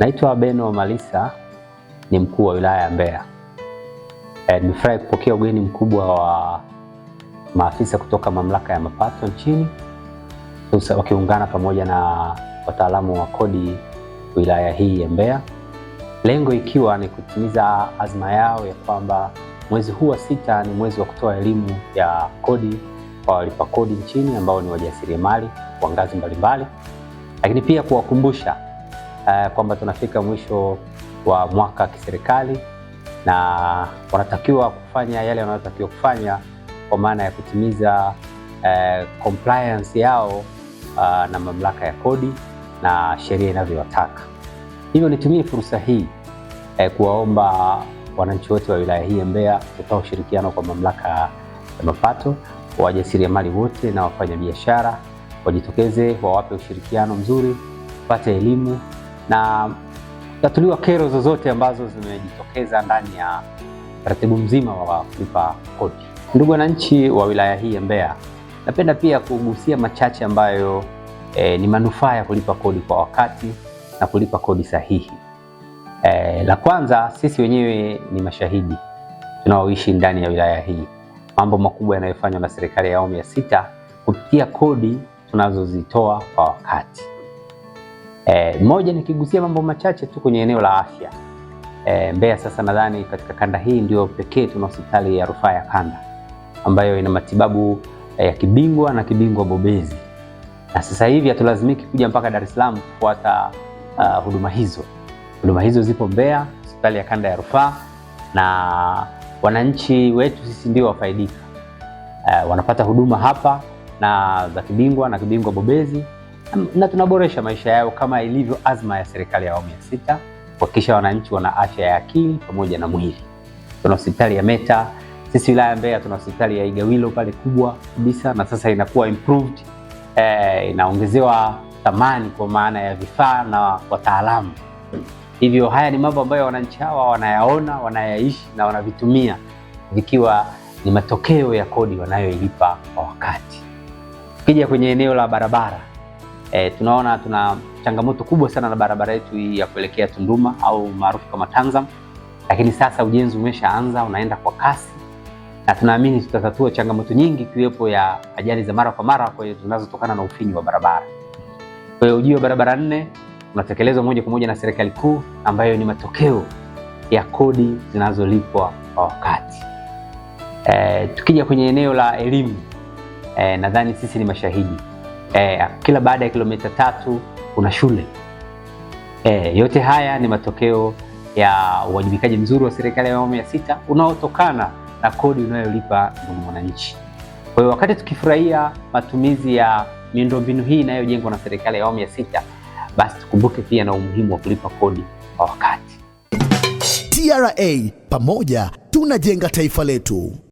Naitwa Beno Malisa, ni mkuu wa wilaya ya Mbeya. E, nimefurahi kupokea ugeni mkubwa wa maafisa kutoka mamlaka ya mapato nchini wakiungana pamoja na wataalamu wa kodi wilaya hii ya Mbeya, lengo ikiwa ni kutimiza azma yao ya kwamba mwezi huu wa sita ni mwezi wa kutoa elimu ya kodi kwa walipa kodi nchini ambao ni wajasiriamali wa ngazi mbalimbali, lakini pia kuwakumbusha uh, kwamba tunafika mwisho wa mwaka kiserikali na wanatakiwa kufanya yale wanayotakiwa kufanya kwa maana ya kutimiza uh, compliance yao uh, na mamlaka ya kodi na sheria inavyowataka. Hivyo nitumie fursa hii uh, kuwaomba wananchi wote wa wilaya hii ya Mbeya kutoa ushirikiano kwa mamlaka ya mapato, wajasiriamali wote na wafanyabiashara wajitokeze, wawape ushirikiano mzuri, pate elimu na tatuliwa kero zozote ambazo zimejitokeza ndani ya utaratibu mzima wa kulipa kodi. Ndugu wananchi wa wilaya hii ya Mbeya, napenda pia kugusia machache ambayo e, ni manufaa ya kulipa kodi kwa wakati na kulipa kodi sahihi. E, la kwanza sisi wenyewe ni mashahidi tunaoishi ndani ya wilaya hii, mambo makubwa yanayofanywa na serikali ya awamu ya sita kupitia kodi tunazozitoa kwa wakati. E, moja nikigusia mambo machache tu kwenye eneo la afya e, Mbeya sasa nadhani katika kanda hii ndio pekee tuna hospitali ya rufaa ya kanda ambayo ina matibabu eh, ya kibingwa na kibingwa bobezi, na sasa hivi hatulazimiki kuja mpaka Dar es Salaam kufuata uh, huduma hizo. Huduma hizo zipo Mbeya, hospitali ya kanda ya rufaa, na wananchi wetu sisi ndio wafaidika. Uh, wanapata huduma hapa na za kibingwa na kibingwa bobezi na tunaboresha maisha yao kama ilivyo azma ya serikali ya awamu ya sita kuhakikisha wananchi wana afya ya akili pamoja na mwili. Tuna hospitali ya Meta, sisi wilaya ya Mbeya tuna hospitali ya Igawilo pale kubwa kabisa, na sasa inakuwa improved eh, inaongezewa thamani kwa maana ya vifaa na wataalamu. Hivyo haya ni mambo ambayo wananchi hawa wanayaona, wanayaishi na wanavitumia vikiwa ni matokeo ya kodi wanayoilipa kwa wakati. Ukija kwenye eneo la barabara E, tunaona tuna changamoto kubwa sana na barabara yetu hii ya kuelekea Tunduma au maarufu kama Tanzam, lakini sasa ujenzi umeshaanza unaenda kwa kasi na tunaamini tutatatua changamoto nyingi ikiwepo ya ajali za mara kwa mara kwa hiyo zinazotokana na ufinyu wa barabara. Kwa hiyo ujio wa barabara nne unatekelezwa moja kwa moja na serikali kuu, ambayo ni matokeo ya kodi zinazolipwa kwa wakati. E, tukija kwenye eneo la elimu e, nadhani sisi ni mashahidi eh, kila baada ya kilomita tatu kuna shule eh. Yote haya ni matokeo ya uwajibikaji mzuri wa serikali ya awamu ya sita unaotokana na kodi unayolipa ndugu mwananchi. Kwa hiyo wakati tukifurahia matumizi ya miundombinu hii inayojengwa na serikali ya awamu ya sita, basi tukumbuke pia na umuhimu wa kulipa kodi kwa wakati. TRA, pamoja tunajenga taifa letu.